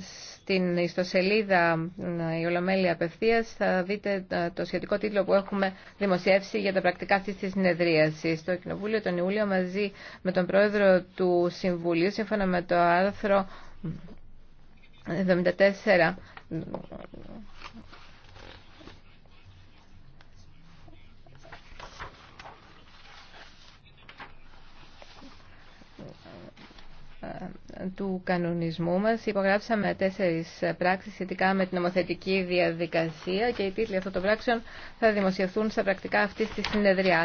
στην ιστοσελίδα ε, η Ολομέλεια Απευθεία θα δείτε ε, το σχετικό τίτλο που έχουμε δημοσιεύσει για τα πρακτικά αυτή τη συνεδρίαση. Στο Κοινοβούλιο τον Ιούλιο μαζί με τον Πρόεδρο του Συμβουλίου, σύμφωνα με το άρθρο 74 του κανονισμού μας υπογράψαμε τέσσερις πράξεις σχετικά με την νομοθετική διαδικασία και οι τίτλοι αυτών των πράξεων θα δημοσιευθούν στα πρακτικά αυτής της συνεδριάς.